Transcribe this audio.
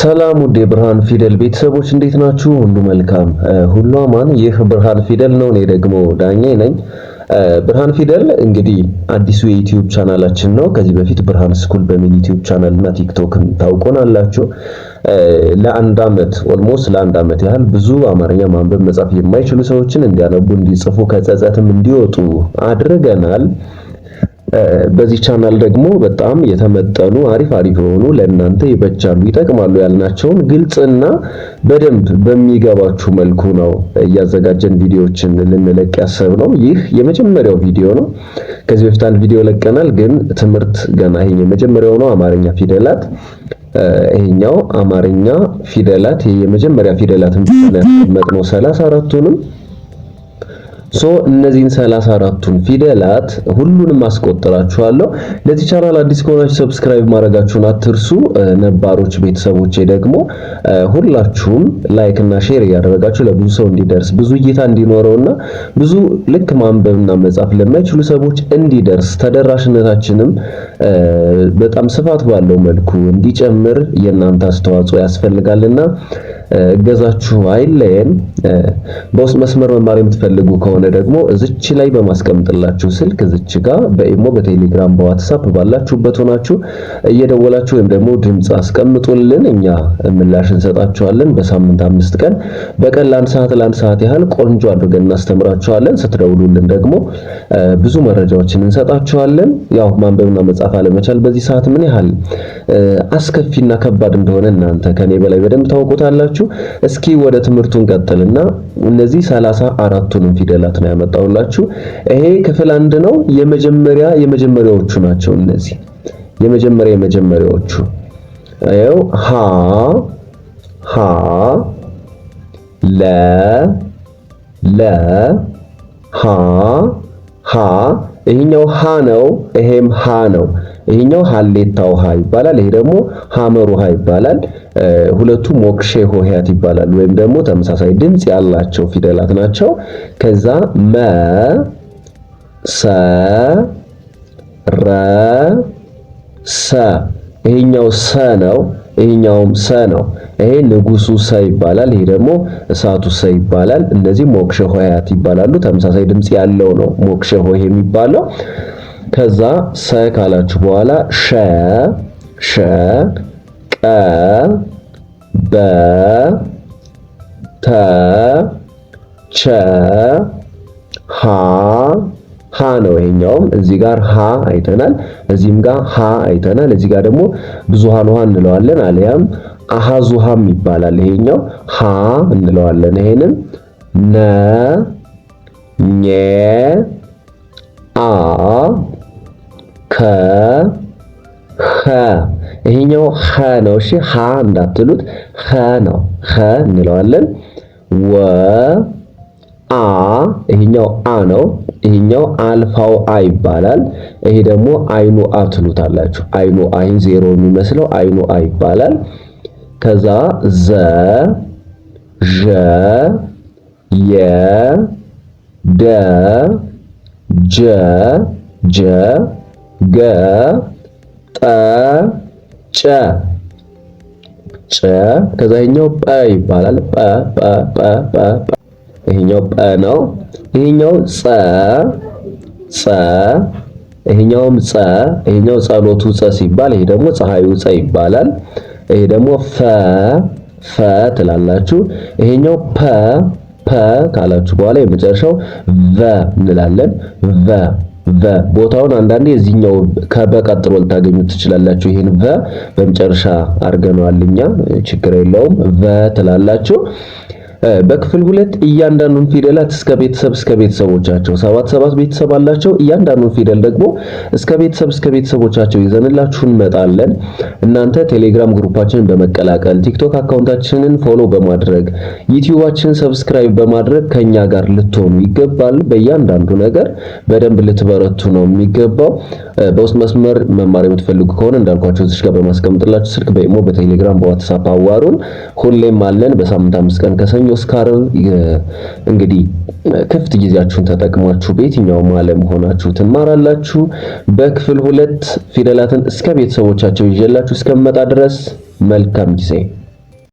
ሰላም ውዴ ብርሃን ፊደል ቤተሰቦች እንዴት ናችሁ? ሁሉ መልካም፣ ሁሉ አማን። ይህ ብርሃን ፊደል ነው። እኔ ደግሞ ዳኜ ነኝ። ብርሃን ፊደል እንግዲህ አዲሱ የዩቲዩብ ቻናላችን ነው። ከዚህ በፊት ብርሃን ስኩል በሚል ዩቲዩብ ቻናል እና ቲክቶክን ታውቆናላችሁ። ለአንድ ዓመት ኦልሞስት ለአንድ ዓመት ያህል ብዙ አማርኛ ማንበብ መጻፍ የማይችሉ ሰዎችን እንዲያነቡ፣ እንዲጽፉ ከጸጸትም እንዲወጡ አድርገናል። በዚህ ቻናል ደግሞ በጣም የተመጠኑ አሪፍ አሪፍ የሆኑ ለእናንተ ይበጃሉ፣ ይጠቅማሉ ያልናቸውን ግልጽና በደንብ በሚገባችሁ መልኩ ነው እያዘጋጀን ቪዲዮዎችን ልንለቅ ያሰብ ነው። ይህ የመጀመሪያው ቪዲዮ ነው። ከዚህ በፊት አንድ ቪዲዮ ለቀናል፣ ግን ትምህርት ገና ይሄ የመጀመሪያው ነው። አማርኛ ፊደላት ይሄኛው አማርኛ ፊደላት የመጀመሪያ ፊደላትን ብቻ ነው ያስቀመጥነው ሰላሳ አራቱንም ሶ እነዚህን 34ቱን ፊደላት ሁሉንም አስቆጥራችኋለሁ። ለዚህ ቻናል አዲስ ከሆናችሁ ሰብስክራይብ ማድረጋችሁን አትርሱ። ነባሮች ቤተሰቦቼ ደግሞ ሁላችሁም ላይክ እና ሼር እያደረጋችሁ ለብዙ ሰው እንዲደርስ ብዙ እይታ እንዲኖረውና ብዙ ልክ ማንበብና መጻፍ ለማይችሉ ሰዎች እንዲደርስ ተደራሽነታችንም በጣም ስፋት ባለው መልኩ እንዲጨምር የእናንተ አስተዋጽኦ ያስፈልጋልና እገዛችሁ አይለየን። በውስጥ መስመር መማር የምትፈልጉ ከሆነ ደግሞ እዚች ላይ በማስቀምጥላችሁ ስልክ እዚች ጋር በኢሞ በቴሌግራም በዋትሳፕ ባላችሁበት ሆናችሁ እየደወላችሁ ወይም ደግሞ ድምፅ አስቀምጡልን፣ እኛ ምላሽ እንሰጣችኋለን። በሳምንት አምስት ቀን በቀን ለአንድ ሰዓት ለአንድ ሰዓት ያህል ቆንጆ አድርገን እናስተምራችኋለን። ስትደውሉልን ደግሞ ብዙ መረጃዎችን እንሰጣችኋለን። ያው ማንበብና መጻፍ አለመቻል በዚህ ሰዓት ምን ያህል አስከፊና ከባድ እንደሆነ እናንተ ከኔ በላይ በደንብ ታውቁታላችሁ። ካላችሁ እስኪ ወደ ትምህርቱ እንቀጥልና እነዚህ ሰላሳ አራቱንም ፊደላት ነው ያመጣውላችሁ። ይሄ ክፍል አንድ ነው። የመጀመሪያ የመጀመሪያዎቹ ናቸው እነዚህ የመጀመሪያ የመጀመሪያዎቹ ያው ሀ ሀ ለ ለ ሀ ሀ ይሄኛው ሃ ነው። ይሄም ሃ ነው። ይሄኛው ሀሌታ ውሃ ይባላል። ይሄ ደግሞ ሐመር ውሃ ይባላል። ሁለቱም ሞክሼ ሆሄያት ይባላሉ፣ ወይም ደግሞ ተመሳሳይ ድምጽ ያላቸው ፊደላት ናቸው። ከዛ መ ሰ ረ ሰ ይሄኛው ሰ ነው። ይሄኛውም ሰ ነው። ይሄ ንጉሱ ሰ ይባላል። ይሄ ደግሞ እሳቱ ሰ ይባላል። እነዚህ ሞክሸ ሆያት ይባላሉ። ተመሳሳይ ድምጽ ያለው ነው ሞክሸ ሆሄ የሚባለው። ከዛ ሰ ካላችሁ በኋላ ሸ ሸ ቀ በ ተ ቸ ሀ ሀ ነው። ይሄኛውም እዚህ ጋር ሀ አይተናል፣ እዚህም ጋር ሀ አይተናል። እዚህ ጋር ደግሞ ብዙሃን ውሃ እንለዋለን፣ አልያም አሃዙ ውሃም ይባላል። ይሄኛው ሀ እንለዋለን። ይሄንን ነ ኘ አ ኸ ይሄኛው ኸ ነው። እሺ ሀ እንዳትሉት ኸ ነው። ኸ እንለዋለን። ወ አ ይሄኛው አ ነው። ይሄኛው አልፋው አ ይባላል። ይሄ ደግሞ አይኑ አ ትሉታላችሁ። አይኑ አይን ዜሮ የሚመስለው አይኑ አ ይባላል። ከዛ ዘ ዠ የ ደ ጀ ጀ ገ ጨ ጨ ከዛ ይሄኛው ጰ ይባላል። ጰ ጰ ጰ ጰ ይሄኛው ጰ ነው። ይሄኛው ጸ ጸ ይሄኛውም ጸ ይሄኛው ጸሎቱ ጸ ሲባል ይሄ ደግሞ ፀሐዩ ጸ ይባላል። ይሄ ደግሞ ፈ ፈ ትላላችሁ። ይሄኛው ፐ ፐ ካላችሁ በኋላ የመጨረሻው ቨ እንላለን ቨ ቨ ቦታውን አንዳንዴ የዚህኛው ከበቀጥሎ ልታገኙ ትችላላችሁ። ይህን ቨ በመጨረሻ አድርገነዋል እኛ ችግር የለውም ቨ ትላላችሁ። በክፍል ሁለት እያንዳንዱን ፊደላት እስከ ቤተሰብ እስከ ቤተሰቦቻቸው ሰባት ሰባት ቤተሰብ አላቸው። እያንዳንዱን ፊደል ደግሞ እስከ ቤተሰብ እስከ ቤተሰቦቻቸው ይዘንላችሁ እንመጣለን። እናንተ ቴሌግራም ግሩፓችንን በመቀላቀል ቲክቶክ አካውንታችንን ፎሎ በማድረግ ዩቲዩባችንን ሰብስክራይብ በማድረግ ከኛ ጋር ልትሆኑ ይገባል። በእያንዳንዱ ነገር በደንብ ልትበረቱ ነው የሚገባው። በውስጥ መስመር መማር የምትፈልጉ ከሆነ እንዳልኳቸው እዚህ ጋር በማስቀምጥላችሁ ስልክ በኢሞ በቴሌግራም በዋትሳፕ አዋሩን። ሁሌም አለን በሳምንት አምስት ቀን ከሰኞ ኦስካርን እንግዲህ ክፍት ጊዜያችሁን ተጠቅማችሁ በየትኛውም ዓለም ሆናችሁ ትማራላችሁ። በክፍል ሁለት ፊደላትን እስከ ቤተሰቦቻቸው ይዤላችሁ እስከምመጣ ድረስ መልካም ጊዜ